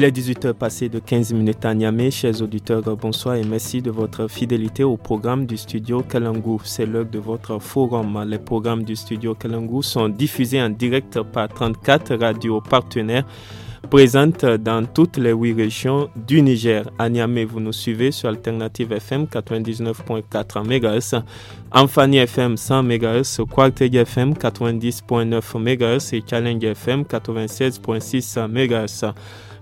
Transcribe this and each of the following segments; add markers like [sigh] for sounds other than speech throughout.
Il est 18h passé de 15 minutes à Niamey. Chers auditeurs, bonsoir et merci de votre fidélité au programme du studio Kalangu. C'est l'heure de votre forum. Les programmes du studio Kalangu sont diffusés en direct par 34 radios partenaires présentes dans toutes les huit régions du Niger. À Niamey, vous nous suivez sur Alternative FM 99.4 MHz, Amfani FM 100 MHz, Quartet FM 90.9 MHz et Challenge FM 96.6 MHz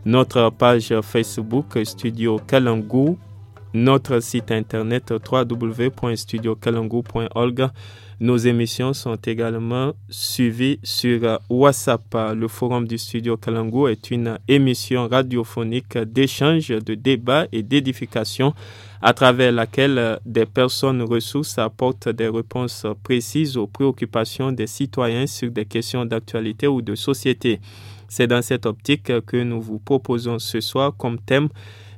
notre page Facebook Studio Kalangu, notre site internet www.studiokalangu.org. Nos émissions sont également suivies sur WhatsApp. Le forum du studio Kalangu est une émission radiophonique d'échange, de débat et d'édification à travers laquelle des personnes ressources apportent des réponses précises aux préoccupations des citoyens sur des questions d'actualité ou de société. C'est dans cette optique que nous vous proposons ce soir comme thème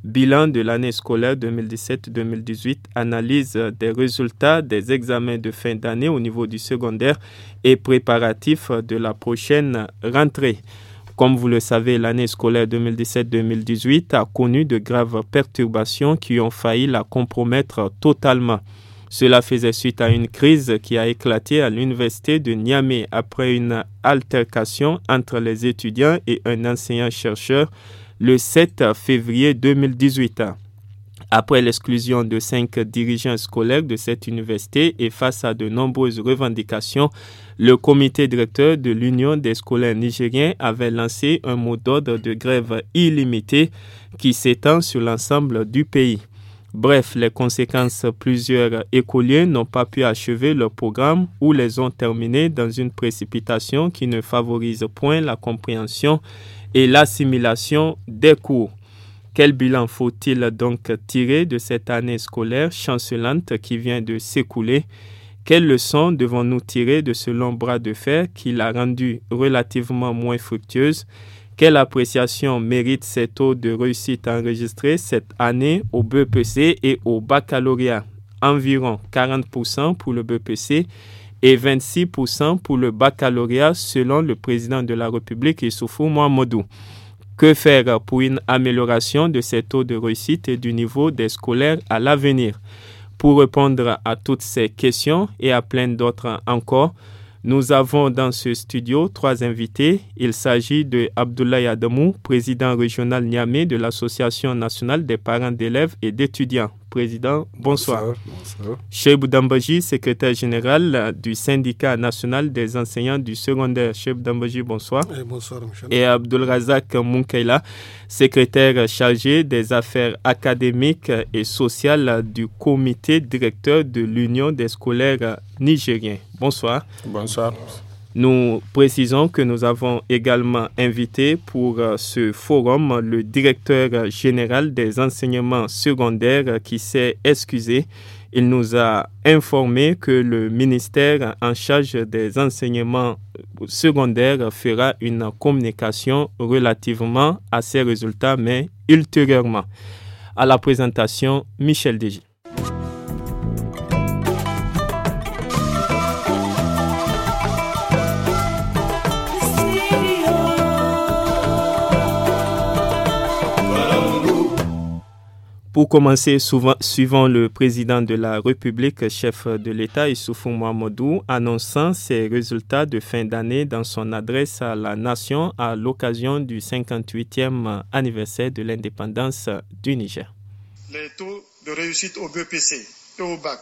bilan de l'année scolaire 2017-2018, analyse des résultats des examens de fin d'année au niveau du secondaire et préparatif de la prochaine rentrée. Comme vous le savez, l'année scolaire 2017-2018 a connu de graves perturbations qui ont failli la compromettre totalement. Cela faisait suite à une crise qui a éclaté à l'université de Niamey après une altercation entre les étudiants et un enseignant-chercheur le 7 février 2018. Après l'exclusion de cinq dirigeants scolaires de cette université et face à de nombreuses revendications, le comité directeur de l'Union des scolaires nigériens avait lancé un mot d'ordre de grève illimitée qui s'étend sur l'ensemble du pays. Bref, les conséquences, plusieurs écoliers n'ont pas pu achever leur programme ou les ont terminés dans une précipitation qui ne favorise point la compréhension et l'assimilation des cours. Quel bilan faut-il donc tirer de cette année scolaire chancelante qui vient de s'écouler Quelles leçons devons-nous tirer de ce long bras de fer qui l'a rendue relativement moins fructueuse quelle appréciation mérite ces taux de réussite enregistrés cette année au BPC e et au baccalauréat Environ 40% pour le BPC e et 26% pour le baccalauréat selon le président de la République Issoufou Mouamadou. Que faire pour une amélioration de ces taux de réussite et du niveau des scolaires à l'avenir Pour répondre à toutes ces questions et à plein d'autres encore, nous avons dans ce studio trois invités. Il s'agit de Abdoulaye Adamou, président régional Niamey de l'Association nationale des parents d'élèves et d'étudiants. Président, bonsoir. bonsoir, Dambaji, secrétaire général du syndicat national des enseignants du secondaire. Cheikh Dambaji, bonsoir. Eh, et bonsoir, Et Abdul Razak Munkaila, secrétaire chargé des affaires académiques et sociales du comité directeur de l'Union des scolaires nigériens. Bonsoir. bonsoir. Nous précisons que nous avons également invité pour euh, ce forum le directeur général des enseignements secondaires qui s'est excusé. Il nous a informé que le ministère en charge des enseignements secondaires fera une communication relativement à ces résultats, mais ultérieurement. À la présentation, Michel Dégis. Pour commencer, suivant le président de la République, chef de l'État, Issoufou Mamadou, annonçant ses résultats de fin d'année dans son adresse à la nation à l'occasion du 58e anniversaire de l'indépendance du Niger. Les taux de réussite au BPC et au BAC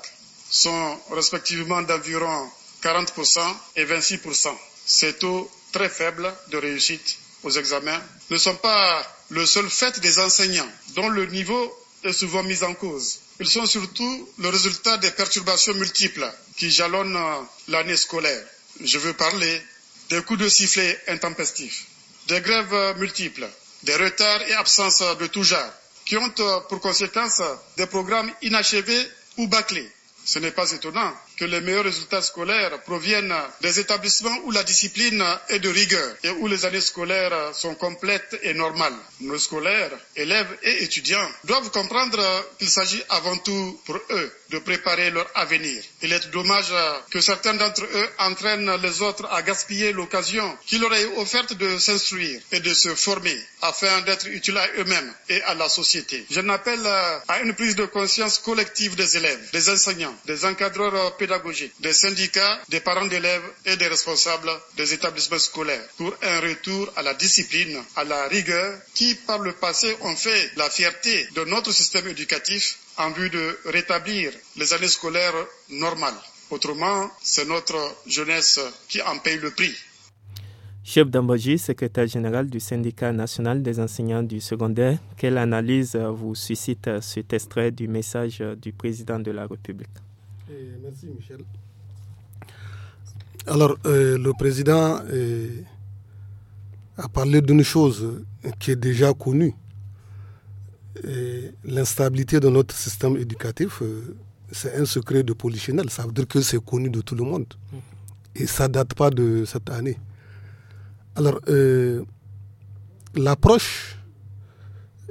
sont respectivement d'environ 40% et 26%. Ces taux très faibles de réussite aux examens ne sont pas le seul fait des enseignants dont le niveau est souvent mise en cause. Ils sont surtout le résultat des perturbations multiples qui jalonnent euh, l'année scolaire. Je veux parler des coups de sifflet intempestifs, des grèves euh, multiples, des retards et absences euh, de tout genre, qui ont pour conséquence des programmes inachevés ou bâclés. Ce n'est pas étonnant que les meilleurs résultats scolaires proviennent des établissements où la discipline est de rigueur et où les années scolaires sont complètes et normales. Nos scolaires, élèves et étudiants doivent comprendre qu'il s'agit avant tout pour eux de préparer leur avenir. Il est dommage que certains d'entre eux entraînent les autres à gaspiller l'occasion qui leur est offerte de s'instruire et de se former afin d'être utiles à eux-mêmes et à la société. Je n'appelle à une prise de conscience collective des élèves, des enseignants, des encadreurs pédagogiques des syndicats, des parents d'élèves et des responsables des établissements scolaires pour un retour à la discipline, à la rigueur qui par le passé ont fait la fierté de notre système éducatif en vue de rétablir les années scolaires normales. Autrement, c'est notre jeunesse qui en paye le prix. Chef Dambaji, secrétaire général du syndicat national des enseignants du secondaire, quelle analyse vous suscite cet extrait du message du président de la République merci Michel. Alors, euh, le président euh, a parlé d'une chose qui est déjà connue. Euh, l'instabilité de notre système éducatif, c'est un secret de polichinelle. Ça veut dire que c'est connu de tout le monde. Et ça ne date pas de cette année. Alors, l'approche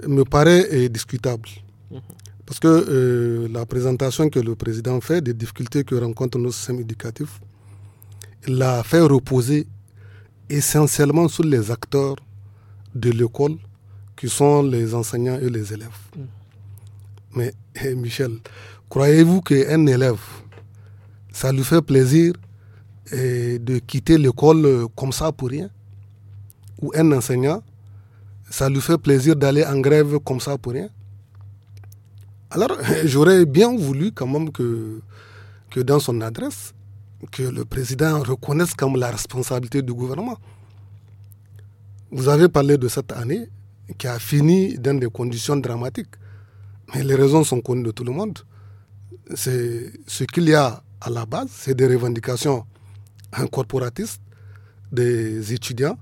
me paraît discutable. Mm-hmm. Parce que euh, la présentation que le président fait des difficultés que rencontre nos systèmes éducatifs, l'a fait reposer essentiellement sur les acteurs de l'école, qui sont les enseignants et les élèves. Mm. Mais [laughs] eh, Michel, croyez-vous qu'un élève, ça lui fait plaisir eh, de quitter l'école euh, comme ça pour rien Ou un enseignant, ça lui fait plaisir d'aller en grève comme ça pour rien alors, [laughs] j'aurais bien voulu quand même que, que dans son adresse, que le président reconnaisse comme la responsabilité du gouvernement. Vous avez parlé de cette année qui a fini dans des conditions dramatiques. Mais les raisons sont connues de tout le monde. C'est ce qu'il y a à la base, c'est des revendications incorporatistes des étudiants.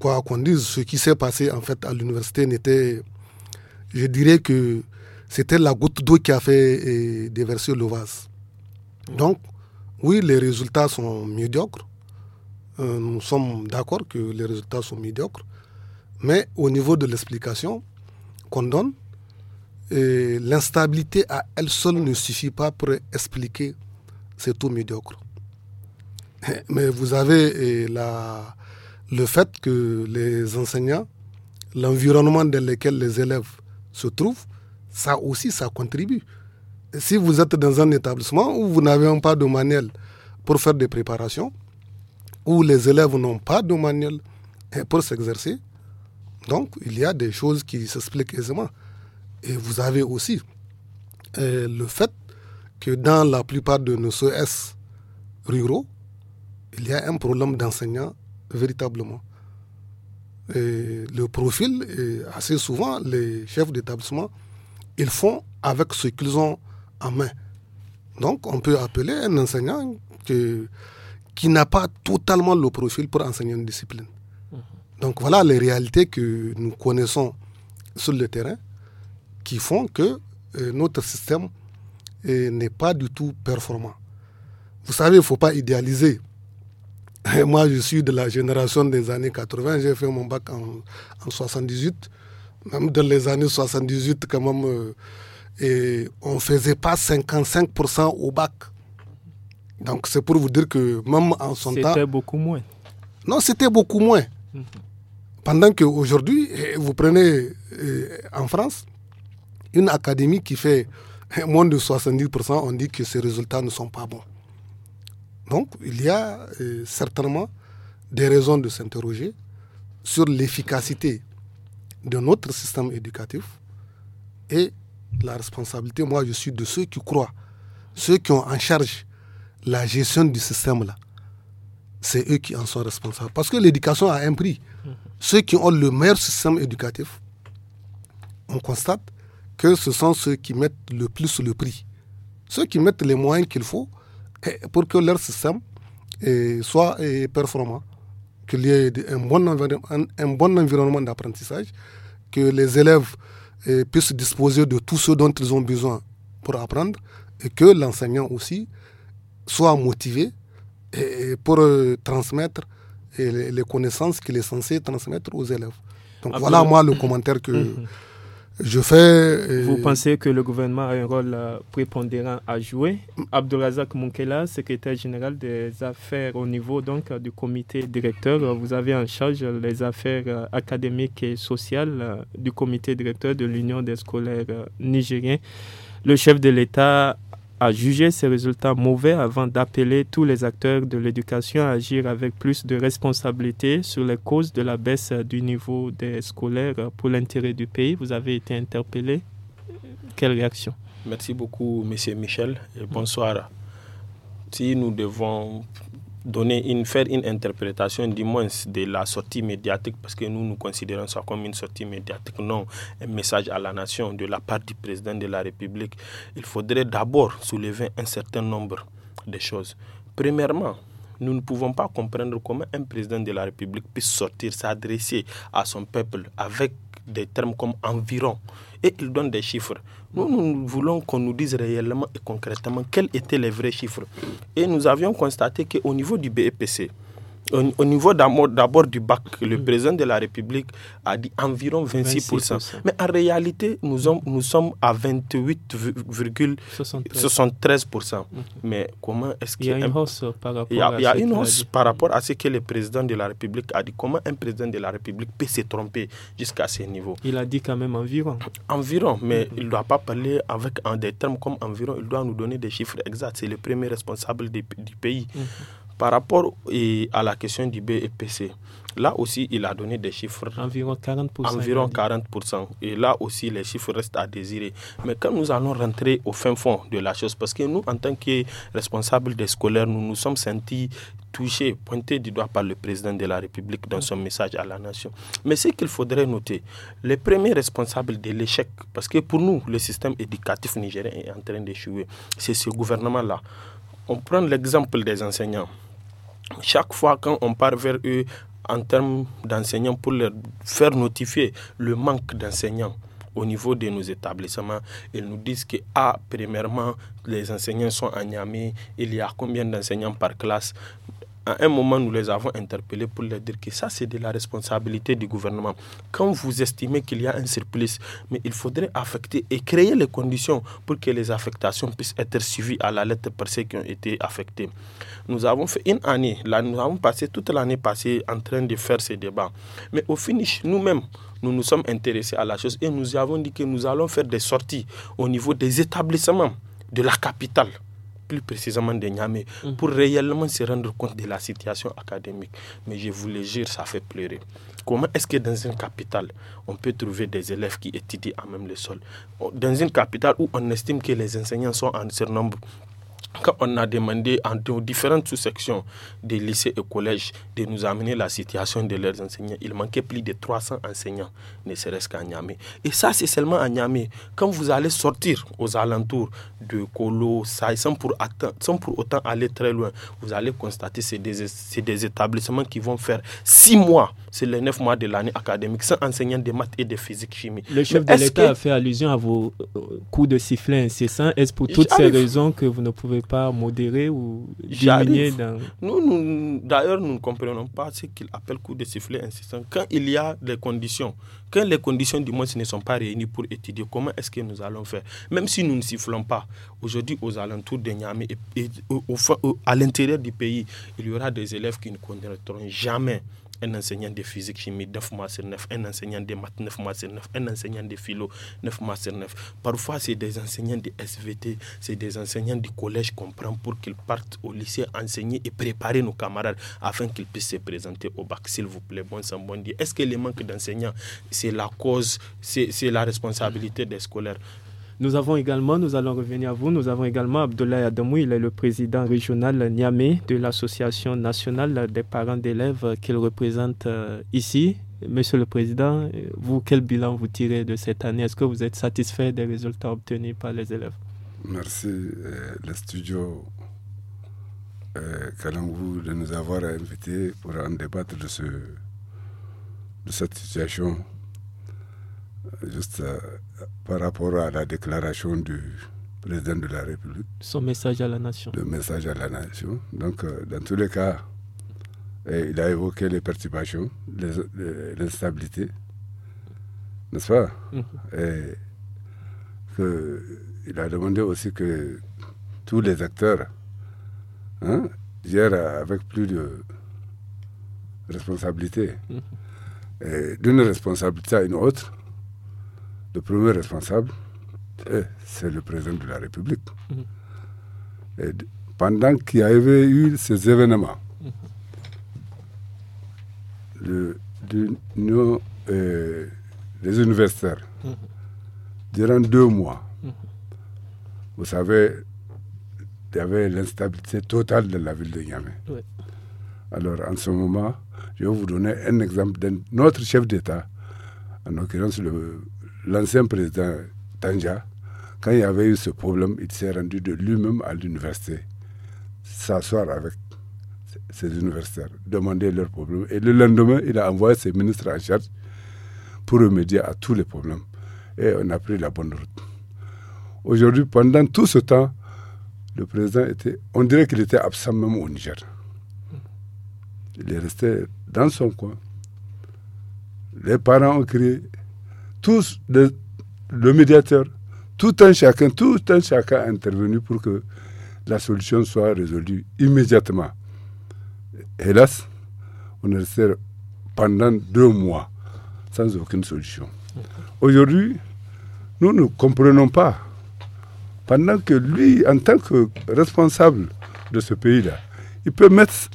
Quoi qu'on dise, ce qui s'est passé en fait à l'université n'était, je dirais que c'était la goutte d'eau qui a fait euh, déverser le vase. Donc, oui, les résultats sont médiocres. Euh, nous sommes d'accord que les résultats sont médiocres. Mais au niveau de l'explication qu'on donne, euh, l'instabilité à elle seule ne suffit pas pour expliquer ces taux médiocres. [laughs] Mais vous avez le fait que les enseignants, l'environnement dans lequel les élèves se trouvent, ça aussi, ça contribue. Si vous êtes dans un établissement où vous n'avez pas de manuel pour faire des préparations, où les élèves n'ont pas de manuel pour s'exercer, donc il y a des choses qui s'expliquent aisément. Et vous avez aussi euh, le fait que dans la plupart de nos CES ruraux, il y a un problème d'enseignants véritablement. Et le profil, assez souvent, les chefs d'établissement ils font avec ce qu'ils ont en main. Donc, on peut appeler un enseignant que, qui n'a pas totalement le profil pour enseigner une discipline. Mhm. Donc, voilà les réalités que nous connaissons sur le terrain qui font que euh, notre système euh, n'est pas du tout performant. Vous savez, il ne faut pas idéaliser. [laughs] moi, je suis de la génération des années 80, j'ai fait mon bac en, en 78 même dans les années 78, quand même, euh, on ne faisait pas 55% au bac. Donc c'est pour vous dire que même en son temps... C'était beaucoup moins. Non, c'était beaucoup moins. Mhm. Pendant qu'aujourd'hui, eh, vous prenez eh, en France une académie qui fait eh, moins de 70%, on dit que ses résultats ne sont pas bons. Donc il y a certainement des raisons de s'interroger sur l'efficacité de notre système éducatif et la responsabilité, moi je suis de ceux qui croient, ceux qui ont en charge la gestion du système-là. C'est eux qui en sont responsables. Parce que l'éducation a un prix. Mhm. Ceux qui ont le meilleur système éducatif, on constate que ce sont ceux qui mettent le plus le prix. Ceux qui mettent les moyens qu'il faut pour que leur système eh, soit eh, performant qu'il y ait un bon, environnement d'apprentissage, que les élèves eh, puissent disposer de tout ce dont ils ont besoin pour apprendre et que l'enseignant aussi soit motivé pour euh, transmettre les, connaissances qu'il est censé transmettre aux élèves. Donc ah, voilà ben, moi le commentaire que... [coughs] Mhm. Euh, vous pensez que le gouvernement a un rôle euh, prépondérant à jouer Abdelazak Munkela, secrétaire général des affaires au niveau donc euh, du comité directeur, vous avez en charge les affaires académiques et sociales du comité directeur de l'Union des scolaires nigériens. Le chef de l'État à juger ces résultats mauvais avant d'appeler tous les acteurs de l'éducation à agir avec plus de responsabilité sur les causes de la baisse du niveau des scolaires pour l'intérêt du pays. Vous avez été interpellé. Quelle réaction Merci beaucoup, Monsieur Michel, bonsoir. Si nous devons donner une, faire une interprétation du moins de la sortie médiatique, parce que nous, nous considérons ça comme une sortie médiatique, non un message à la nation de la part du président de la République. Il faudrait d'abord soulever un certain nombre de choses. Premièrement, nous ne pouvons pas comprendre comment un président de la République puisse sortir, s'adresser à son peuple avec des termes comme environ et ils donnent des chiffres. Nous, nous voulons qu'on nous dise réellement et concrètement quels étaient les vrais chiffres. Et nous avions constaté qu'au niveau du BEPC, au, niveau d'abord du bac, le mm. président de la République a dit environ 26%. Mais en réalité, nous sommes, nous sommes à 28,73%. Mm-hmm. Mais comment est-ce qu'il y a une hausse par rapport, à, par rapport à ce que le président de la République a dit. Comment un président de la République peut se tromper jusqu'à ce niveau Il a dit quand même environ. Environ, mais mm-hmm. il ne doit pas parler avec en des termes comme environ. Il doit nous donner des chiffres exacts. C'est le premier responsable du pays. Mm-hmm. Par rapport eh, à la question du BEPC, là aussi, il a donné des chiffres. Environ 40%. Environ 40%. Et là aussi, les chiffres restent à désirer. Mais quand nous allons rentrer au fin fond de la chose, parce que nous, en tant que responsables des scolaires, nous nous sommes sentis touchés, pointés du doigt par le président de la République dans son message à la nation. Mais ce qu'il faudrait noter, les premiers responsables de l'échec, parce que pour nous, le système éducatif nigérien est en train d'échouer, c'est ce gouvernement-là. On prend l'exemple des enseignants chaque fois quand on part vers eux en termes d'enseignants pour leur faire notifier le manque d'enseignants au niveau de nos établissements. Ils nous disent que, ah, premièrement, les enseignants sont en Yamé, il y a combien d'enseignants par classe à un moment, nous les avons interpellés pour leur dire que ça, c'est de la responsabilité du gouvernement. Quand vous estimez qu'il y a un surplus, mais il faudrait affecter et créer les conditions pour que les affectations puissent être suivies à la lettre par ceux qui ont été affectés. Nous avons fait une année, là, nous avons passé toute l'année passée en train de faire ces débats. Mais au finish, nous-mêmes, nous nous sommes intéressés à la chose et nous avons dit que nous allons faire des sorties au niveau des établissements de la capitale plus précisément de Niamey, mhm. pour réellement se rendre compte de la situation académique. Mais je vous le jure, ça fait pleurer. Comment est-ce que dans une capitale, on peut trouver des élèves qui étudient à même le sol Dans une capitale où on estime que les enseignants sont en surnombre quand on a demandé aux différentes sous-sections des lycées et collèges de nous amener la situation de leurs enseignants, il manquait plus de 300 enseignants, ne serait-ce qu'à Niamey. Et ça, c'est seulement à Niamey. Quand vous allez sortir aux alentours de Kolo, Saï, sans pour, pour autant aller très loin, vous allez constater que c'est des, des établissements qui vont faire six mois c'est les neuf mois de l'année académique, sans enseignant de maths et de physique chimie. Le chef de l'État a fait allusion à vos euh, coups de sifflet incessants. Est-ce pour toutes ces raisons que vous ne pouvez pas modérer ou diminuer dans... Nous, nous d'ailleurs, nous ne comprenons pas ce qu'il appelle coups de sifflet incessants Quand il y a des conditions, quand les conditions du monde ne sont pas réunies pour étudier, comment est-ce que nous allons faire Même si nous ne sifflons pas, aujourd'hui, aux alentours de Niamey et, à l'intérieur du pays, il y aura des élèves qui ne connaîtront jamais un enseignant de physique chimie 9 mois 9, un enseignant de maths 9 mois 9, un enseignant de philo 9 mois 9. Parfois, c'est des enseignants de SVT, c'est des enseignants du collège qu'on prend pour qu'ils partent au lycée enseigner et préparer nos camarades afin qu'ils puissent se présenter au bac. S'il vous plaît, bon sang, bon Dieu. Est-ce que le manque d'enseignants, c'est la cause, c'est la responsabilité des scolaires nous avons également, nous allons revenir à vous, nous avons également Abdoulaye Adamou, il est le président régional Niamey de l'Association nationale des parents d'élèves qu'il représente euh, ici. Monsieur le Président, vous, quel bilan vous tirez de cette année Est-ce que vous êtes satisfait des résultats obtenus par les élèves Merci, euh, le studio euh, vous de nous avoir invités pour en débattre de, ce, de cette situation. Juste, euh, par rapport à la déclaration du président de la République. Son message à la nation. Le message à la nation. Donc, euh, dans tous les cas, il a évoqué les perturbations, l'instabilité, n'est-ce pas mm-hmm. Et que, il a demandé aussi que tous les acteurs, hein, avec plus de responsabilité, mm-hmm. d'une responsabilité à une autre, le premier responsable, c'est le président de la République. Mm-hmm. pendant qu'il y avait eu ces événements, euh, les universitaires, mm-hmm. durant deux mois, mm-hmm. vous savez, il y avait l'instabilité totale de la ville de Niamey. Alors, en ce moment, je vais vous donner un exemple d'un autre chef d'État, en l'occurrence le l'ancien président Tanja, quand il y avait eu ce problème, il s'est rendu de lui-même à l'université, s'asseoir avec ses universitaires, demander leurs problèmes. Et le lendemain, il a envoyé ses ministres en charge pour remédier à tous les problèmes. Et on a pris la bonne route. Aujourd'hui, pendant tout ce temps, le président était, on dirait qu'il était absent même au Niger. Il est resté dans son coin. Les parents ont crié, tous le médiateur, tout un chacun, tout un chacun intervenu pour que la solution soit résolue immédiatement. Hélas, on est resté pendant deux mois sans aucune solution. Aujourd'hui, nous ne comprenons pas. Pendant que lui, en tant que responsable de ce pays-là, il peut mettre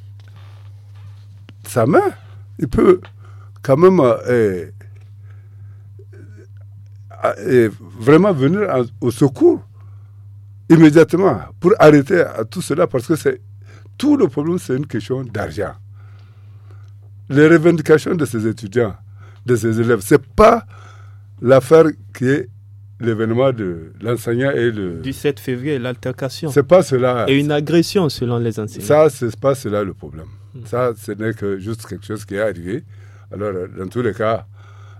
sa main, il peut quand même euh, et vraiment venir au secours immédiatement pour arrêter tout cela parce que c'est tout le problème, c'est une question d'argent. Les revendications de ces étudiants, de ces élèves, c'est pas l'affaire qui est l'événement de l'enseignant et le... Du 7 février, l'altercation. C'est pas cela. Et une agression selon les enseignants. Ça, c'est pas cela le problème. Hmm. Ça, ce n'est que juste quelque chose qui est arrivé. Alors, dans tous les cas,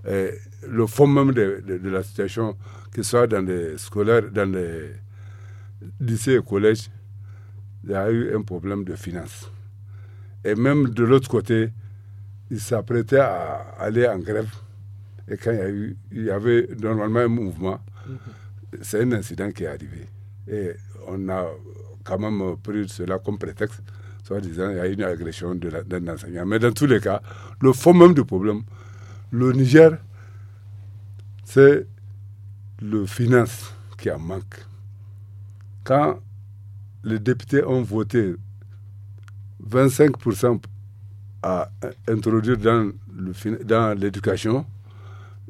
eh, le fond même de, la situation, que ce soit dans les scolaires, dans les lycées et collèges, il y a eu un problème de finances. Et même de l'autre côté, ils s'apprêtaient à aller en grève. Et quand il y, avait normalement un mouvement, c'est un incident qui est arrivé. Et on a quand même pris cela comme prétexte, soit disant il y a eu une agression d'un enseignant. Mais dans tous les cas, le fond même du problème, le Niger c'est le finance qui en manque. Quand les députés ont voté 25% à introduire dans, le, dans l'éducation,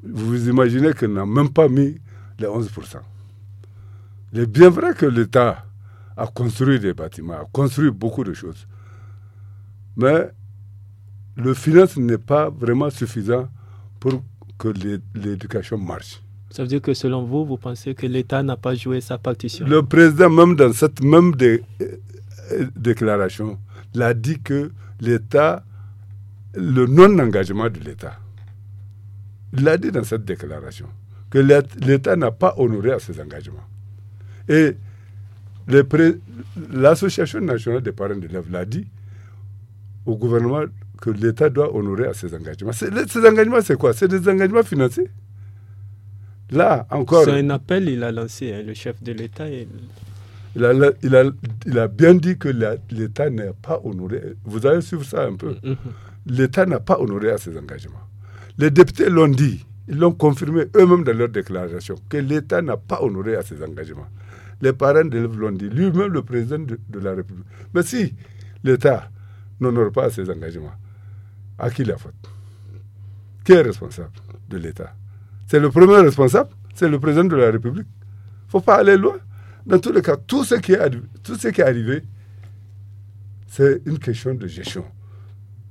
vous imaginez qu'on n'a même pas mis les 11%. Il est bien vrai que l'État a construit des bâtiments, a construit beaucoup de choses. Mais le finance n'est pas vraiment suffisant pour que l'éducation marche. Ça veut dire que selon vous, vous pensez que l'État n'a pas joué sa partition Le président, même dans cette même dé euh, déclaration, l'a dit que l'État, le non-engagement de l'État, il l'a dit dans cette déclaration, que l'État n'a pas honoré à ses engagements. Et l'Association nationale des parents d'élèves l'a dit au gouvernement que l'État doit honorer à ses engagements. Ces engagements, c'est quoi C'est des engagements financiers. Là, encore. C'est un appel, il a lancé, hein, le chef de l'État. Il... a, bien dit que l'État n'a pas honoré. Vous allez suivre ça un peu. Mm-hmm. L'État n'a pas honoré à ses engagements. Les députés l'ont dit, ils l'ont confirmé eux-mêmes dans leur déclaration, que l'État n'a pas honoré à ses engagements. Les parents d'élèves l'ont dit, lui-même le président de, la République. Mais si l'État n'honore pas à ses engagements, à qui la faute Qui est responsable de l'État C'est le premier responsable, c'est le président de la République. Il ne faut pas aller loin. Dans tous les cas, tout ce qui est, arrivé, c'est une question de gestion.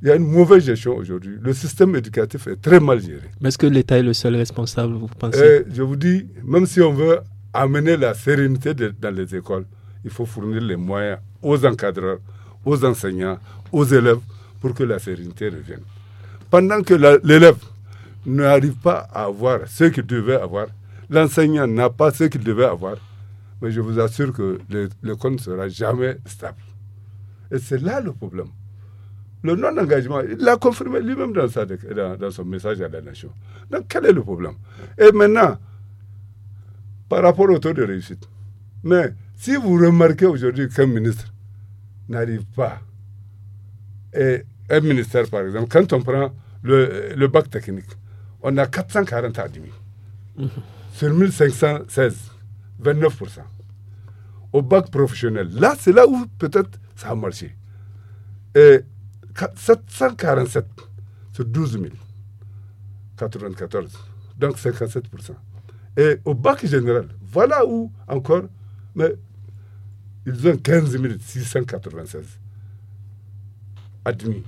Il y a une mauvaise gestion aujourd'hui. Le système éducatif est très mal géré. Mais est-ce que l'État est le seul responsable, vous pensez Je vous dis, même si on veut amener la sérénité dans les écoles, il faut fournir les moyens aux encadreurs, aux enseignants, aux élèves pour que la sérénité revienne. Pendant que l'élève n'arrive pas à avoir ce qu'il devait avoir, l'enseignant n'a pas ce qu'il devait avoir, mais je vous assure que l'école ne sera jamais stable. Et c'est là le problème. Le non-engagement, il l'a confirmé lui-même dans, dans, son message à la nation. Donc quel est le problème Et maintenant, par rapport au taux de réussite, mais si vous remarquez aujourd'hui qu'un ministre n'arrive pas et un ministère, par exemple, quand on prend le, bac technique, on a 440 admis. Mhm. Sur 1516, 29%. Au bac professionnel, là, c'est là où peut-être ça a marché. Et 747 sur 12 000, 94, donc 57%. Et au bac général, voilà où encore, mais ils ont 15 696 admis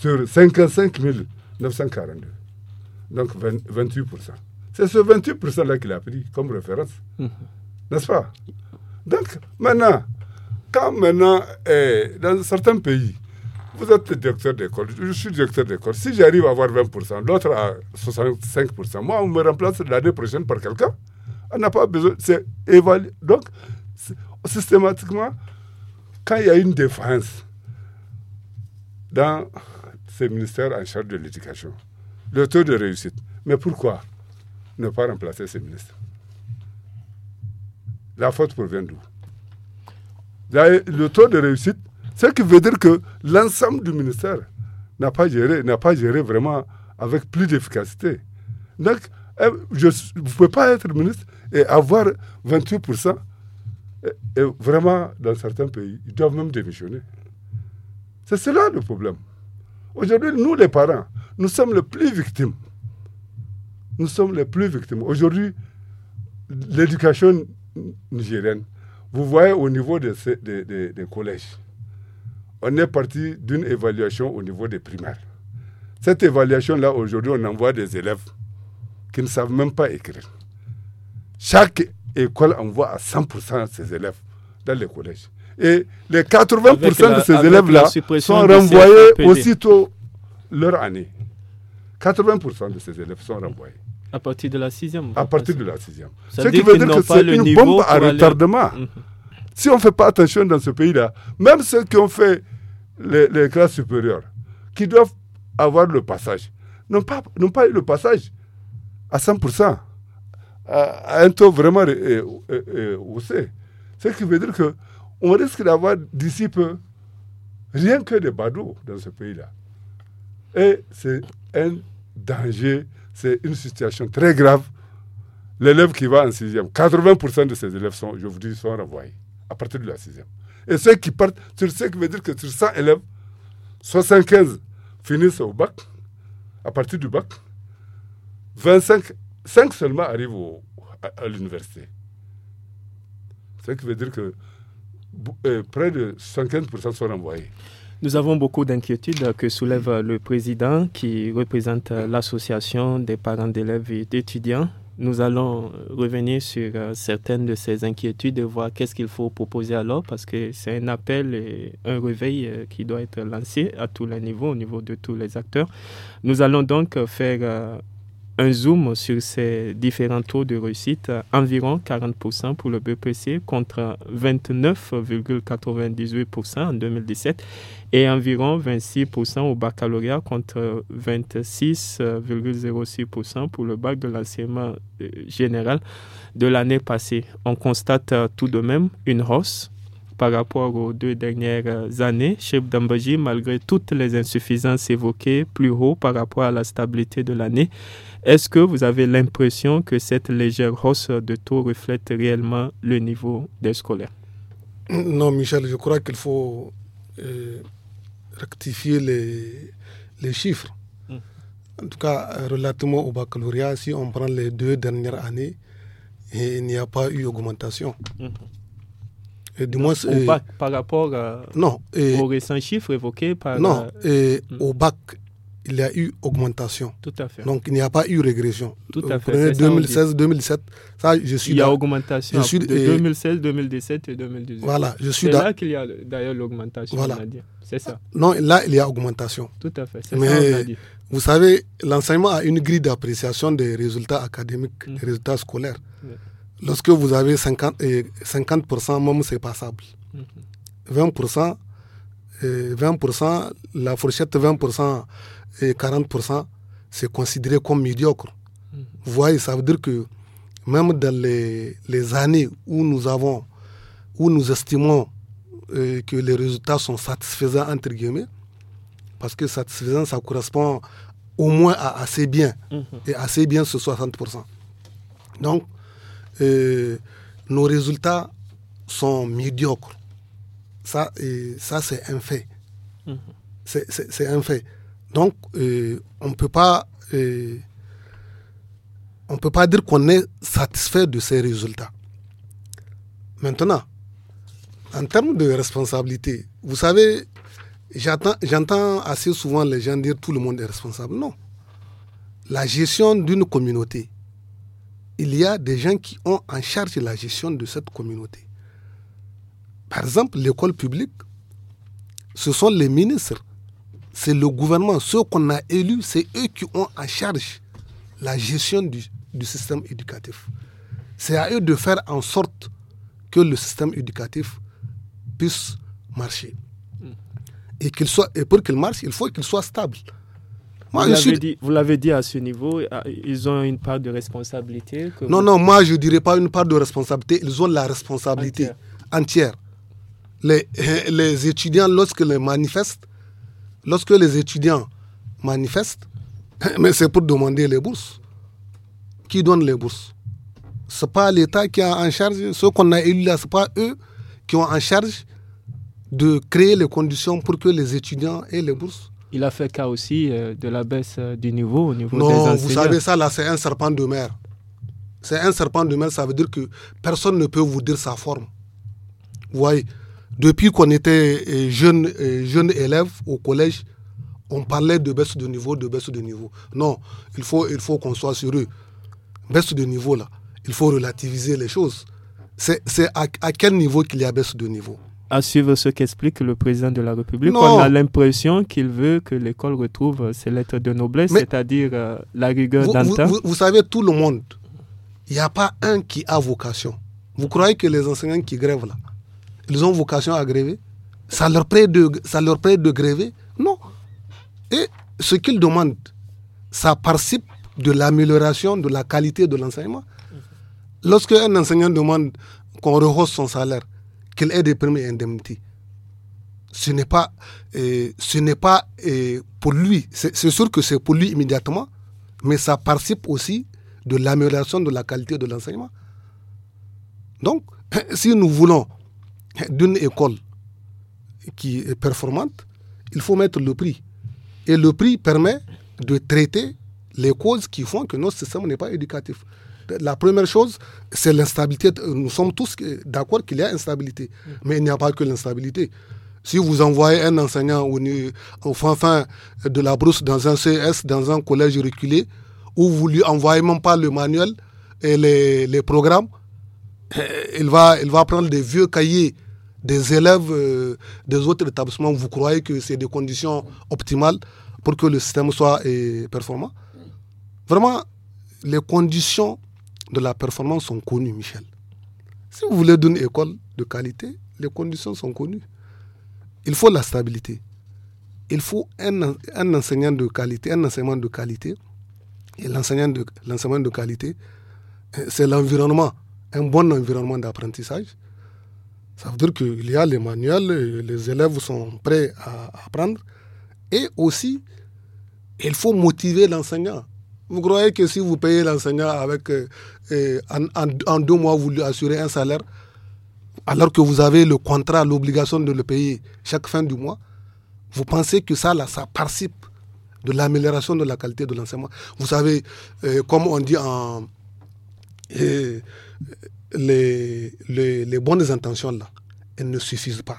sur 55 942. Donc 28%. C'est ce 28%-là qu'il a pris comme référence. Mhm. N'est-ce pas Donc maintenant, quand maintenant, eh, dans certains pays, vous êtes directeur d'école, je suis directeur d'école, si j'arrive à avoir 20%, l'autre à 65%, moi, on me remplace l'année prochaine par quelqu'un. On n'a pas besoin, c'est évalué. Donc, systématiquement, quand il y a une défense dans ces en charge de l'éducation. Le taux de réussite. Mais pourquoi ne pas remplacer ces ministres La faute provient d'où Le taux de réussite, ce qui veut dire que l'ensemble du ministère n'a pas géré, n'a pas géré vraiment avec plus d'efficacité. Donc, euh, je, vous ne pouvez pas être ministre et avoir 28%. et vraiment, dans certains pays, ils doivent même démissionner. C'est cela le problème. Aujourd'hui, nous les parents, nous sommes les plus victimes. Nous sommes les plus victimes. Aujourd'hui, l'éducation nigérienne, vous voyez au niveau des, collèges, on est parti d'une évaluation au niveau des primaires. Cette évaluation-là, aujourd'hui, on envoie des élèves qui ne savent même pas écrire. Chaque école envoie à 100% ses élèves dans les collèges. Et les 80% de ces élèves-là sont renvoyés aussitôt leur année. 80% de ces élèves sont renvoyés. À partir de la sixième À partir de la sixième. Ça Ce qui veut dire que c'est une bombe à retardement. Mhm. Si on ne fait pas attention dans ce pays-là, même ceux qui ont fait les, classes supérieures, qui doivent avoir le passage, n'ont pas, pas eu le passage à 100%, à, à un taux vraiment haussé. Ce qui veut dire que on risque d'avoir d'ici peu rien que des badauds dans ce pays-là. Et c'est un danger, c'est une situation très grave. L'élève qui va en sixième, 80% de ses élèves sont, je vous dis, sont renvoyés à partir de la sixième. Et ceux qui partent, sur ce qui veut dire que sur 100 élèves, 75 finissent au bac, à partir du bac, 25, 5 seulement arrivent à l'université. Ce qui veut dire que euh, près de 50% sont renvoyés. Nous avons beaucoup d'inquiétudes que soulève le président qui représente l'association des parents d'élèves et d'étudiants. Nous allons revenir sur euh, certaines de ces inquiétudes et voir qu'est-ce qu'il faut proposer alors parce que c'est un appel et un réveil euh, qui doit être lancé à tous les niveaux, au niveau de tous les acteurs. Nous allons donc faire un zoom sur ces différents taux de réussite, environ 40% pour le BPC contre 29,98% en 2017 et environ 26% au baccalauréat contre 26,06% pour le bac de l'enseignement euh, général de l'année passée. On constate euh, tout de même une hausse par rapport aux deux dernières euh, années. Chef Dambaji, malgré toutes les insuffisances évoquées plus haut par rapport à la stabilité de l'année, est-ce que vous avez l'impression que cette légère hausse de taux reflète réellement le niveau des scolaires Non, Michel, je crois qu'il faut euh, rectifier les, chiffres. Hmm. En tout cas, relativement au baccalauréat, si on prend les deux dernières années, il n'y a pas eu augmentation. Hmm. du moins, au euh, bac, par rapport à, non, et, aux récents chiffres évoqués par... Non, euh, hmm. au bac, il y a eu augmentation. Tout à fait. Donc il n'y a pas eu régression. Tout euh, à fait. 2016-2017, ça je suis. Il y a augmentation suis, 2016, 2017 et 2018. Voilà, je suis. C'est là, qu'il y a d'ailleurs l'augmentation. Voilà. C'est ça. Non, là il y a augmentation. Tout à fait. Mais ça vous savez, l'enseignement a une grille d'appréciation des résultats académiques, mm. des résultats scolaires. Lorsque vous avez 50 50% même c'est passable. 20%. Mm-hmm. 20%, la fourchette 20%, et 40%, c'est considéré comme médiocre. Vous voyez, ça veut dire que même dans les, années où nous avons, où nous estimons euh, que les résultats sont satisfaisants, entre guillemets, parce que satisfaisant, ça correspond au moins à assez bien, mhm. et assez bien, ce 60%. Donc, euh, nos résultats sont médiocres. Ça, ça c'est un fait. Mhm. C'est un fait. Donc, euh, on ne peut pas... Euh, on peut pas dire qu'on est satisfait de ces résultats. Maintenant, en termes de responsabilité, vous savez, j'entends assez souvent les gens dire tout le monde est responsable. Non. La gestion d'une communauté, il y a des gens qui ont en charge la gestion de cette communauté. Par exemple, l'école publique, ce sont les ministres c'est le gouvernement. Ceux qu'on a élus, c'est eux qui ont en charge la gestion du, système éducatif. C'est à eux de faire en sorte que le système éducatif puisse marcher. Hmm. Et, qu'il soit, et pour qu'il marche, il faut qu'il soit stable. vous, l'avez dit, à ce niveau, euh, ils ont une part de responsabilité. non, non, moi je ne dirais pas une part de responsabilité, ils ont la responsabilité entière. Les, [laughs] les étudiants, lorsqu'ils manifestent, lorsque les étudiants manifestent, [laughs] mais c'est pour demander les bourses. Qui donne les bourses Ce n'est pas l'État qui a en charge, ceux qu'on a élus là, ce n'est pas eux qui ont en charge de créer les conditions pour que les étudiants aient les bourses. Il a fait cas aussi euh, de la baisse euh, du niveau au niveau des enseignants. Non, vous savez ça là, c'est un serpent de mer. C'est un serpent de mer, ça veut dire que personne ne peut vous dire sa forme. Vous voyez, depuis qu'on était euh, jeune, euh, jeune élève au collège, on parlait de baisse de niveau, de baisse de niveau. Non, il faut, il faut qu'on soit sur eux. Baisse de niveau, là, il faut relativiser les choses. C'est à, quel niveau qu'il y a baisse de niveau à suivre ce qu'explique le président de la République. On a l'impression qu'il veut que l'école retrouve ses lettres de noblesse, c'est-à-dire euh, la rigueur d'antan. Vous, vous, savez, tout le monde, il n'y a pas un qui a vocation. Vous croyez que les enseignants qui grèvent là, ils ont vocation à gréver Ça leur prête de, ça leur de gréver Non. Et ce qu'ils demandent, ça participe de l'amélioration de la qualité de l'enseignement. Lorsque enseignant demande qu'on rehausse son salaire, qu'il ait des primes indemnités, ce n'est pas, euh, ce n'est pas euh, pour lui. C'est sûr que c'est pour lui immédiatement, mais ça participe aussi de l'amélioration de la qualité de l'enseignement. Donc, [laughs] si nous voulons d'une école qui est performante, il faut mettre le prix. Et le prix permet de traiter les causes qui font que notre système n'est pas éducatif. La première chose, c'est l'instabilité. Nous sommes tous d'accord qu'il y a instabilité, mais il n'y a pas que l'instabilité. Si vous envoyez un enseignant au, au fin, de la brousse dans un CS, dans un collège reculé, où vous lui envoyez même pas le manuel et les programmes, eh, il, va, il va prendre des vieux cahiers des élèves euh, des autres établissements. Vous croyez que c'est des conditions optimales pour que le système soit euh, performant Vraiment, les conditions de la performance sont connues, Michel. Si vous voulez une école de qualité, les conditions sont connues. Il faut la stabilité. Il faut un, enseignant de qualité, un enseignement de qualité. Et l'enseignant de qualité, euh, c'est l'environnement un bon environnement d'apprentissage. Ça veut dire qu'il y a les manuels, les élèves sont prêts à apprendre. Et aussi, il faut motiver l'enseignant. Vous croyez que si vous payez l'enseignant avec euh, euh, en, deux mois, vous lui assurez un salaire, alors que vous avez le contrat, l'obligation de le payer chaque fin du mois, vous pensez que ça, ça participe de l'amélioration de la qualité de l'enseignement. Vous savez, euh, comme on dit en, euh, les, les, bonnes intentions, là, elles ne suffisent pas.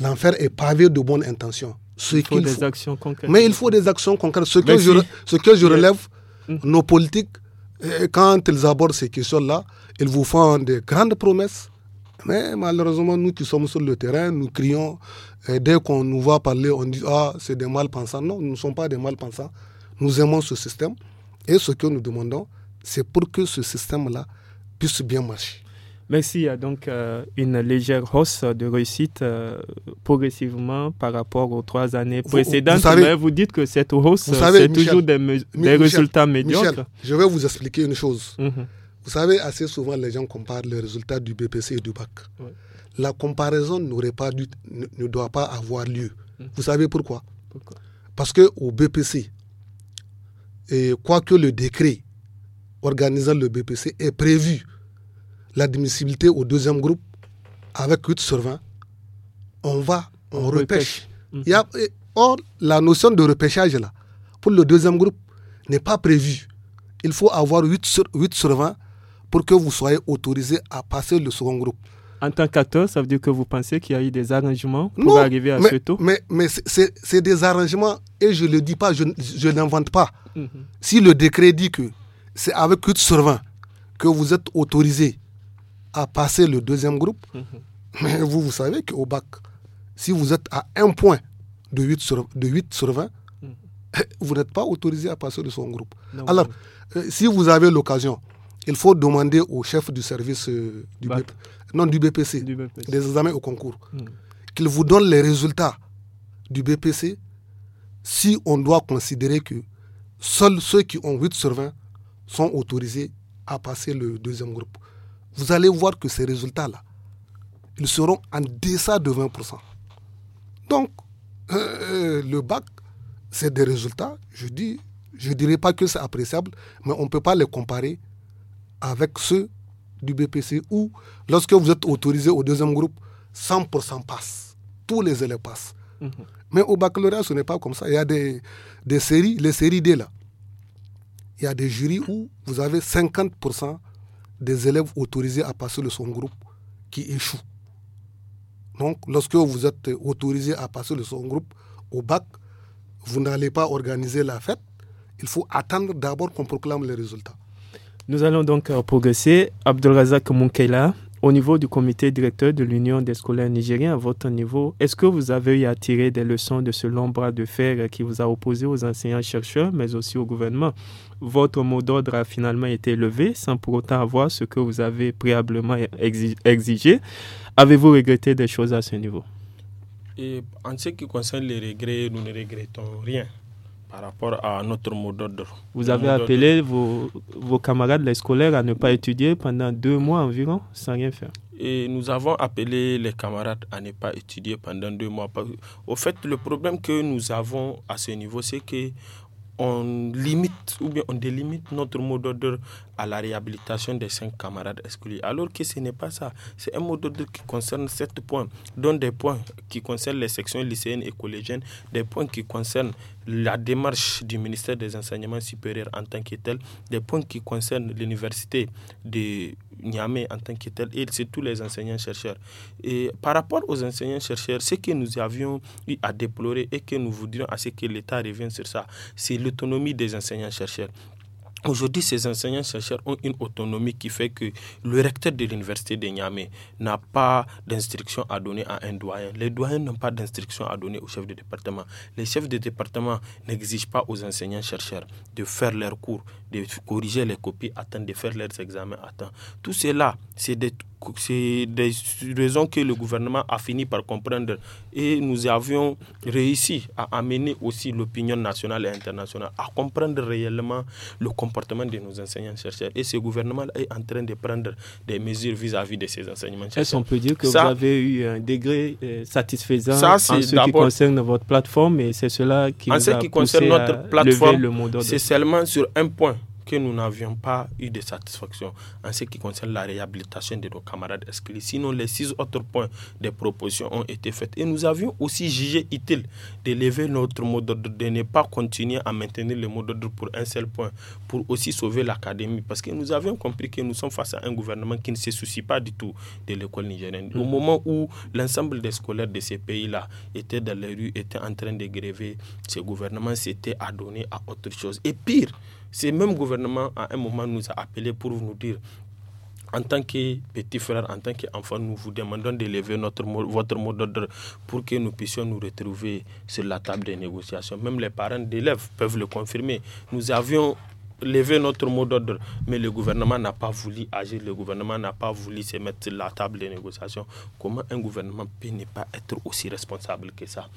L'enfer est pavé de bonnes intentions. Ce il faut des actions concrètes. Mais il faut des actions concrètes. Ce, que, je, ce que je relève, mm. nos politiques, euh, quand ils abordent ces questions-là, ils vous font des grandes promesses. Mais malheureusement, nous qui sommes sur le terrain, nous crions. dès qu'on nous voit parler, on dit Ah, c'est des mal-pensants. Non, nous ne sommes pas des mal-pensants. Nous aimons ce système. Et ce que nous demandons, c'est pour que ce système-là puisse bien marcher. Merci. Il y a donc euh, une légère hausse de réussite euh, progressivement par rapport aux trois années précédentes. Vous, dites que cette hausse, c'est toujours des, résultats médiocres. je vais vous expliquer une chose. Mhm. Vous savez, assez souvent, les gens comparent les résultats du BPC et du BAC. La comparaison pas dû, ne, doit pas avoir lieu. Mhm. Vous savez pourquoi, Parce Parce qu'au BPC, et quoique le décret organisant le BPC est prévu l'admissibilité au deuxième groupe avec 8 sur 20, on va, on, repêche. y or, la notion de repêchage, là, pour le deuxième groupe, n'est pas prévue. Il faut avoir 8 sur, 8 sur 20 pour que vous soyez autorisé à passer le second groupe. En tant qu'acteur, ça veut dire que vous pensez qu'il y a eu des arrangements pour arriver à ce taux Mais, mais c'est des arrangements, et je ne le dis pas, je, n'invente pas. Mhm. Si le décret dit que c'est avec 8 sur 20 que vous êtes autorisé à passer le deuxième groupe. Mhm. Mais vous, vous savez qu'au bac, si vous êtes à un point de 8 sur, 20, mhm. [laughs] vous n'êtes pas autorisé à passer le second groupe. Alors, euh, si vous avez l'occasion, il faut demander au chef du service euh, du, non, du, BPC, des examens au concours, mhm. qu'il vous donne les résultats du BPC si on doit considérer que seuls ceux qui ont 8 sur 20 sont autorisés à passer le deuxième groupe. Vous allez voir que ces résultats-là, ils seront en deçà de 20%. Donc, euh, euh, le bac, c'est des résultats, je dis, je ne dirais pas que c'est appréciable, mais on ne peut pas les comparer avec ceux du BPC où, lorsque vous êtes autorisé au deuxième groupe, 100% passe. Tous les élèves passent. Mhm. Mais au baccalauréat, ce n'est pas comme ça. Il y a des, des séries, les séries D là il y a des jurys où vous avez 50% des élèves autorisés à passer le son groupe qui échouent. Donc, lorsque vous êtes autorisé à passer le son groupe au bac, vous n'allez pas organiser la fête. Il faut attendre d'abord qu'on proclame les résultats. Nous allons donc euh, progresser. Abdelrazak Monkeila. Au niveau du comité directeur de l'Union des scolaires nigériens, à votre niveau, est-ce que vous avez eu à tirer des leçons de ce long bras de fer qui vous a opposé aux enseignants-chercheurs, mais aussi au gouvernement Votre mot d'ordre a finalement été levé sans pour autant avoir ce que vous avez préalablement exigé. Avez-vous regretté des choses à ce niveau Et en ce qui concerne les regrets, nous ne regrettons rien rapport à notre mot d'ordre. Vous avez appelé vos, vos, camarades, les scolaires, à ne pas étudier pendant deux mois environ, sans rien faire. Et nous avons appelé les camarades à ne pas étudier pendant deux mois. Au fait, le problème que nous avons à ce niveau, c'est que on limite ou bien on délimite notre mot d'ordre à la réhabilitation des cinq camarades exclus. Alors que ce n'est pas ça. C'est un mot d'ordre qui concerne sept points, dont des points qui concernent les sections lycéennes et collégiennes, des points qui concernent la démarche du ministère des Enseignements supérieurs en tant que tel, des points qui concernent l'université de Niamey en tant que tel, et c'est tous les enseignants-chercheurs. Et par rapport aux enseignants-chercheurs, ce que nous avions eu à déplorer et que nous voudrions à ce que l'État revienne sur ça, c'est l'autonomie des enseignants-chercheurs. Aujourd'hui, ces enseignants-chercheurs ont une autonomie qui fait que le recteur de l'université de Niamey n'a pas d'instruction à donner à un doyen. Les doyens n'ont pas d'instruction à donner au chef de département. Les chefs de département n'exigent pas aux enseignants-chercheurs de faire leurs cours, de corriger les copies à de faire leurs examens à Tout cela, c'est des c'est des raisons que le gouvernement a fini par comprendre et nous avions réussi à amener aussi l'opinion nationale et internationale à comprendre réellement le comportement de nos enseignants-chercheurs. Et ce gouvernement est en train de prendre des mesures vis-à-vis de ces enseignements-chercheurs. Est-ce qu'on peut dire que ça, vous avez eu un degré euh, satisfaisant ça, en ce qui concerne votre plateforme et c'est cela qui En vous a ce qui concerne notre plateforme, c'est seulement sur un point que nous n'avions pas eu de satisfaction en ce qui concerne la réhabilitation de nos camarades exclus. Sinon, les six autres points des propositions ont été faits. Et nous avions aussi jugé utile d'élever notre mot d'ordre, de ne pas continuer à maintenir le mot d'ordre pour un seul point, pour aussi sauver l'académie. Parce que nous avions compris que nous sommes face à un gouvernement qui ne se soucie pas du tout de l'école nigérienne. Au mm-hmm. moment où l'ensemble des scolaires de ces pays-là étaient dans les rues, étaient en train de gréver, ce gouvernement s'était adonné à autre chose. Et pire, ce même gouvernement, à un moment, nous a appelés pour nous dire en tant que petit frère, en tant qu'enfant, nous vous demandons d'élever notre votre mot d'ordre pour que nous puissions nous retrouver sur la table des négociations. Même les parents d'élèves peuvent le confirmer. Nous avions lever notre mot d'ordre. Mais le gouvernement n'a pas voulu agir, le gouvernement n'a pas voulu se mettre la table des négociations. Comment un gouvernement peut ne pas être aussi responsable que ça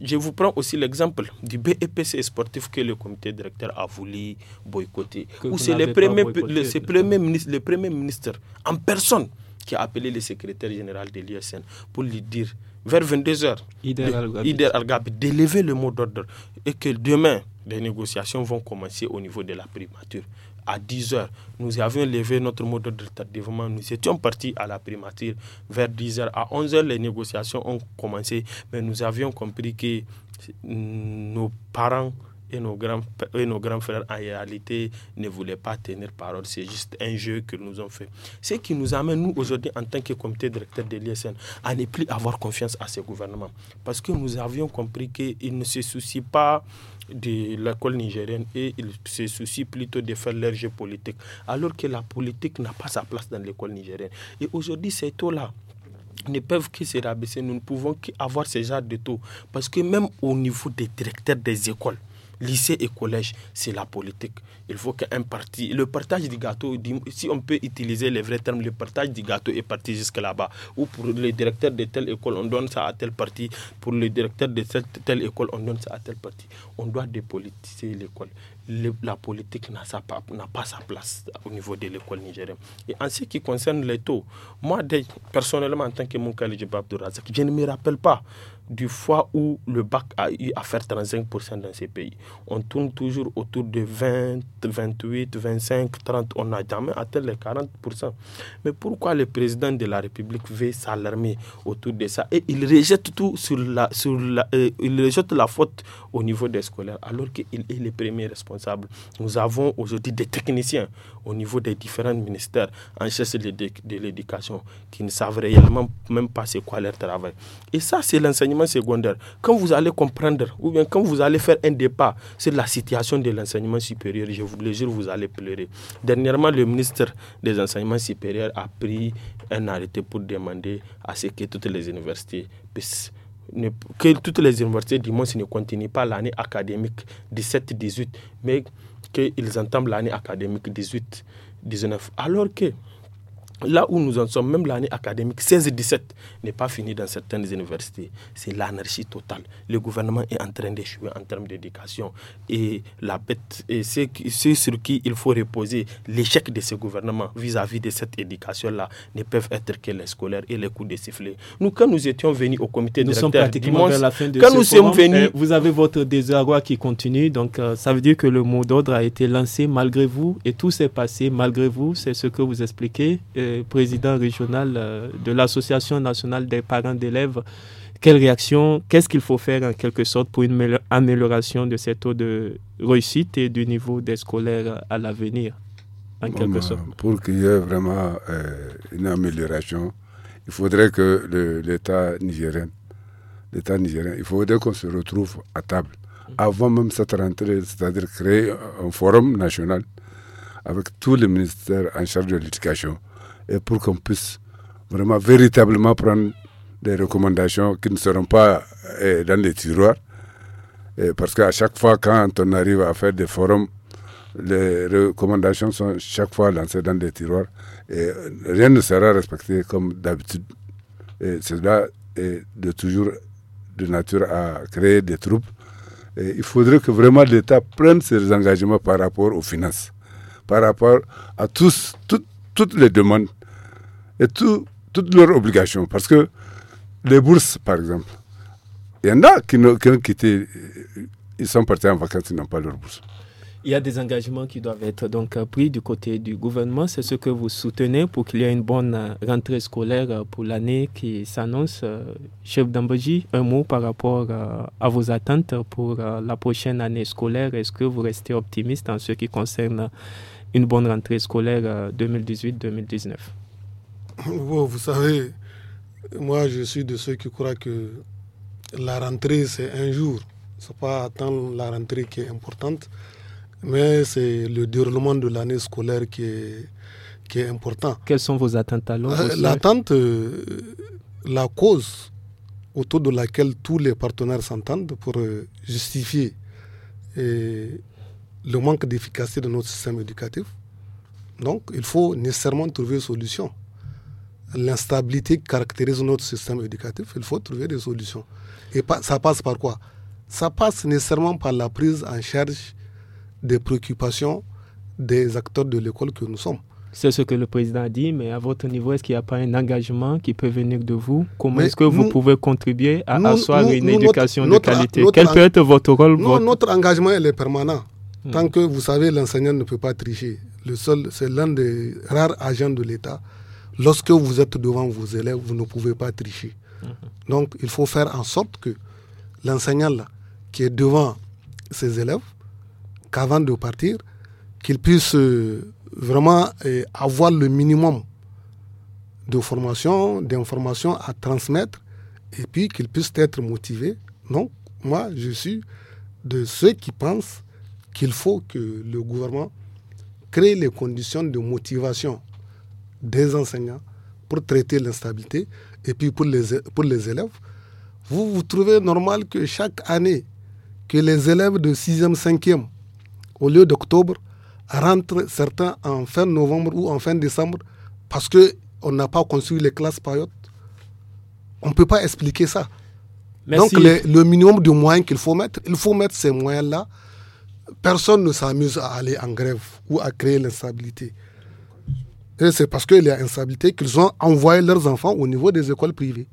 Je vous prends aussi l'exemple du BEPC sportif que le comité directeur a voulu boycotter. Où c'est le, le premier ministre en personne qui a appelé le secrétaire général de l'ISN pour lui dire vers 22h, Ider Al-Gabi, d'élever le mot d'ordre et que demain, les négociations vont commencer au niveau de la primature. À 10 heures, nous avions levé notre mot de tardivement. Nous étions partis à la primature vers 10 h À 11 h les négociations ont commencé, mais nous avions compris que nos parents et nos, grands, et nos grands frères, en réalité, ne voulaient pas tenir parole. C'est juste un jeu que nous ont fait. Ce qui nous amène, nous, aujourd'hui, en tant que comité directeur de l'ISN, à ne plus avoir confiance à ce gouvernement. Parce que nous avions compris qu'il ne se soucie pas de l'école nigérienne et ils se soucient plutôt de faire leur jeu politique, alors que la politique n'a pas sa place dans l'école nigérienne. Et aujourd'hui, ces taux-là ne peuvent que se rabaisser. Nous ne pouvons qu'avoir ce genre de taux, parce que même au niveau des directeurs des écoles, lycée et collège, c'est la politique. Il faut qu'un parti, le partage du gâteau, si on peut utiliser les vrais termes, le partage du gâteau est parti jusque là-bas. Ou pour le directeur de telle école, on donne ça à tel parti. Pour le directeur de telle, école, on donne ça à tel parti. On doit dépolitiser l'école. la politique n'a pas, pas sa place au niveau de l'école nigérienne. Et en ce qui concerne les taux, moi, personnellement, en tant que mon collègue je ne me rappelle pas du fois où le bac a eu à faire 35% dans ces pays. On tourne toujours autour de 20, 28, 25, 30. On n'a jamais atteint les 40%. Mais pourquoi le président de la République veut s'alarmer autour de ça Et il rejette tout sur la, sur euh, il rejette la faute au niveau des scolaires, alors qu'il est le premier responsable. Nous avons aujourd'hui des techniciens au niveau des différents ministères en chef de l'éducation qui ne savent réellement même pas c'est quoi leur travail. Et ça, c'est l'enseignant secondaire, quand vous allez comprendre, ou bien quand vous allez faire un départ sur la situation de l'enseignement supérieur, je vous le jure, vous allez pleurer. Dernièrement, le ministre des enseignements supérieurs a pris un arrêté pour demander à ce que toutes les universités puissent que toutes les universités du monde ne continuent pas l'année académique 17-18, mais qu'ils entament l'année académique 18-19. Alors que là où nous en sommes, même l'année académique 16-17 n'est pas finie dans certaines universités. C'est l'anarchie totale. Le gouvernement est en train d'échouer en termes d'éducation. Et la bête, et c'est sur qui il faut reposer l'échec de ce gouvernement vis-à-vis de cette éducation-là ne peuvent être que les scolaires et les coups de sifflet. Nous, quand nous étions venus au comité nous sommes pratiquement à la fin de quand ce nous sommes venus, euh, vous avez votre désarroi qui continue. Donc, euh, ça veut dire que le mot d'ordre a été lancé malgré vous et tout s'est passé malgré vous. C'est ce que vous expliquez. Euh, président régional euh, de l'Association nationale des parents d'élèves, quelle réaction, qu'est-ce qu'il faut faire en quelque sorte pour une amélioration de ces taux de réussite et du niveau des scolaires euh, à l'avenir, en quelque ben, sorte Pour qu'il y ait vraiment euh, une amélioration, il faudrait que l'État nigérien, l'État nigérien, il faudrait qu'on se retrouve à table avant même cette rentrée, c'est-à-dire créer un forum national avec tous les ministères en charge de l'éducation et pour qu'on puisse vraiment véritablement prendre des recommandations qui ne seront pas eh, dans les tiroirs. Et parce qu'à chaque fois, quand on arrive à faire des forums, les recommandations sont chaque fois lancées dans des tiroirs et rien ne sera respecté comme d'habitude. Et cela est de toujours de nature à créer des troubles. Et il faudrait que vraiment l'État prenne ses engagements par rapport aux finances, par rapport à tous, toutes toutes les demandes et toutes leurs obligations. Parce que les bourses, par exemple, il y en a qui, qui ont quitté, ils sont partis en vacances, ils n'ont pas leur bourse. Il y a des engagements qui doivent être donc pris du côté du gouvernement. C'est ce que vous soutenez pour qu'il y ait une bonne euh, rentrée scolaire euh, pour l'année qui s'annonce. Euh, chef Dambaji, un mot par rapport à vos attentes pour la prochaine année scolaire. Est-ce que vous restez optimiste en ce qui concerne une bonne rentrée scolaire 2018-2019 euh, Vous savez, moi je suis de ceux qui croient que la rentrée c'est un jour. Ce n'est pas tant la rentrée qui est importante, mais c'est le déroulement de l'année scolaire qui est, qui est important. Quelles sont vos attentes alors euh, L'attente, euh, la cause autour de laquelle tous les partenaires s'entendent pour justifier et le manque d'efficacité de notre système éducatif. Donc, il faut nécessairement trouver une solution. L'instabilité caractérise notre système éducatif, il faut trouver des solutions. Et ça passe par quoi Ça passe nécessairement par la prise en charge des préoccupations des acteurs de l'école que nous sommes. C'est ce que le président a dit, mais à votre niveau, est-ce qu'il n'y a pas un engagement qui peut venir de vous Comment est-ce que vous pouvez contribuer à asseoir une éducation de qualité Quel peut être votre rôle Notre engagement, il est permanent. Tant que vous savez, l'enseignant ne peut pas tricher. Le seul, c'est l'un des rares agents de l'État. Lorsque vous êtes devant vos élèves, vous ne pouvez pas tricher. Mhm. Donc, il faut faire en sorte que l'enseignant qui est devant ses élèves, qu'avant de partir, qu'il puisse euh, vraiment euh, avoir le minimum de formation, d'informations à transmettre, et puis qu'il puisse être motivé. Donc, moi, je suis de ceux qui pensent qu'il faut que le gouvernement crée les conditions de motivation des enseignants pour traiter l'instabilité et puis pour les, pour les élèves. Vous vous trouvez normal que chaque année, que les élèves de 6e, 5e, au lieu d'octobre, rentrent certains en fin novembre ou en fin décembre parce qu'on n'a pas construit les classes périodes. On ne peut pas expliquer ça. Donc le minimum de moyens qu'il faut mettre, il faut mettre ces moyens-là Personne ne s'amuse à aller en grève ou à créer l'instabilité. Et c'est parce qu'il y a instabilité qu'ils ont envoyé leurs enfants au niveau des écoles privées.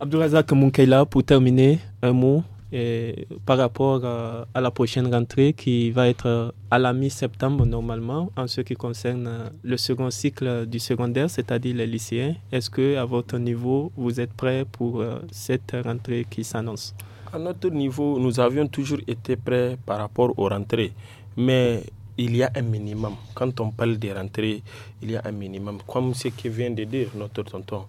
Abdourazak Moukaila, pour terminer, un mot par rapport à la prochaine rentrée qui va être euh, à la mi-septembre normalement en ce qui concerne euh, le second cycle du secondaire, c'est-à-dire les lycéens. Est-ce que à votre niveau, vous êtes prêt pour euh, cette rentrée qui s'annonce à notre niveau, nous avions toujours été prêts par rapport aux rentrées. Mais il y a un minimum. Quand on parle des rentrées, il y a un minimum. Comme ce que vient de dire notre tonton.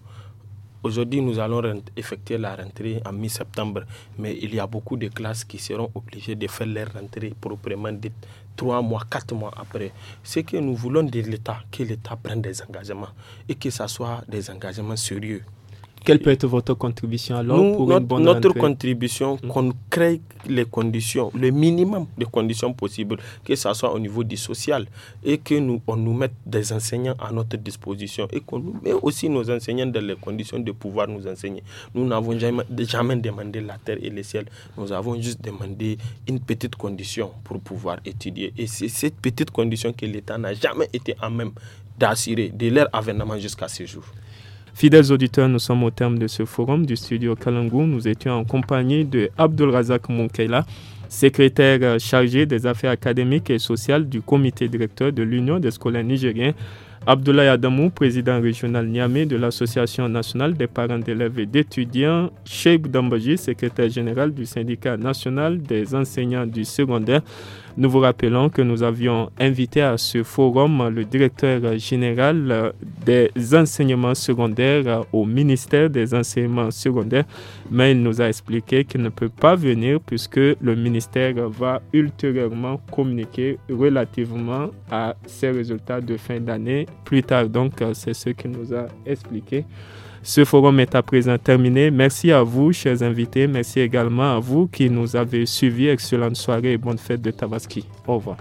Aujourd'hui, nous allons effectuer la rentrée en mi-septembre, mais il y a beaucoup de classes qui seront obligées de faire leur rentrée proprement dite trois mois, quatre mois après. Ce que nous voulons de l'État, que l'État prenne des engagements et que ce soit des engagements sérieux. Quelle peut être votre contribution alors pour notre, une bonne Notre contribution, hmm. qu'on crée les conditions, le minimum de conditions possibles, que ce soit au niveau du social, et que nous, on nous mette des enseignants à notre disposition, et qu'on aussi nos enseignants dans les conditions de pouvoir nous enseigner. Nous n'avons jamais, jamais demandé la terre et le ciel, nous avons juste demandé une petite condition pour pouvoir étudier. Et c'est cette petite condition que l'État n'a jamais été en même d'assurer de leur avènement jusqu'à ce jour. Fidèles auditeurs, nous sommes au terme de ce forum du studio Kalangou. Nous étions en compagnie de Abdul Razak Monkeila, secrétaire chargé des affaires académiques et sociales du comité directeur de l'Union des scolaires nigériens. Abdoulaye Adamou, président régional Niamey de l'Association nationale des parents d'élèves et d'étudiants, Cheikh Dambaji, secrétaire général du syndicat national des enseignants du secondaire, nous vous rappelons que nous avions invité à ce forum le directeur général euh, des enseignements secondaires euh, au ministère des enseignements secondaires, mais il nous a expliqué qu'il ne peut pas venir puisque le ministère va ultérieurement communiquer relativement à ses résultats de fin d'année. Plus tard donc, euh, c'est ce qu'il nous a expliqué. Ce forum est à présent terminé. Merci à vous, chers invités. Merci également à vous qui nous avez suivis. Excellente soirée et bonne fête de Tabaski. Au revoir.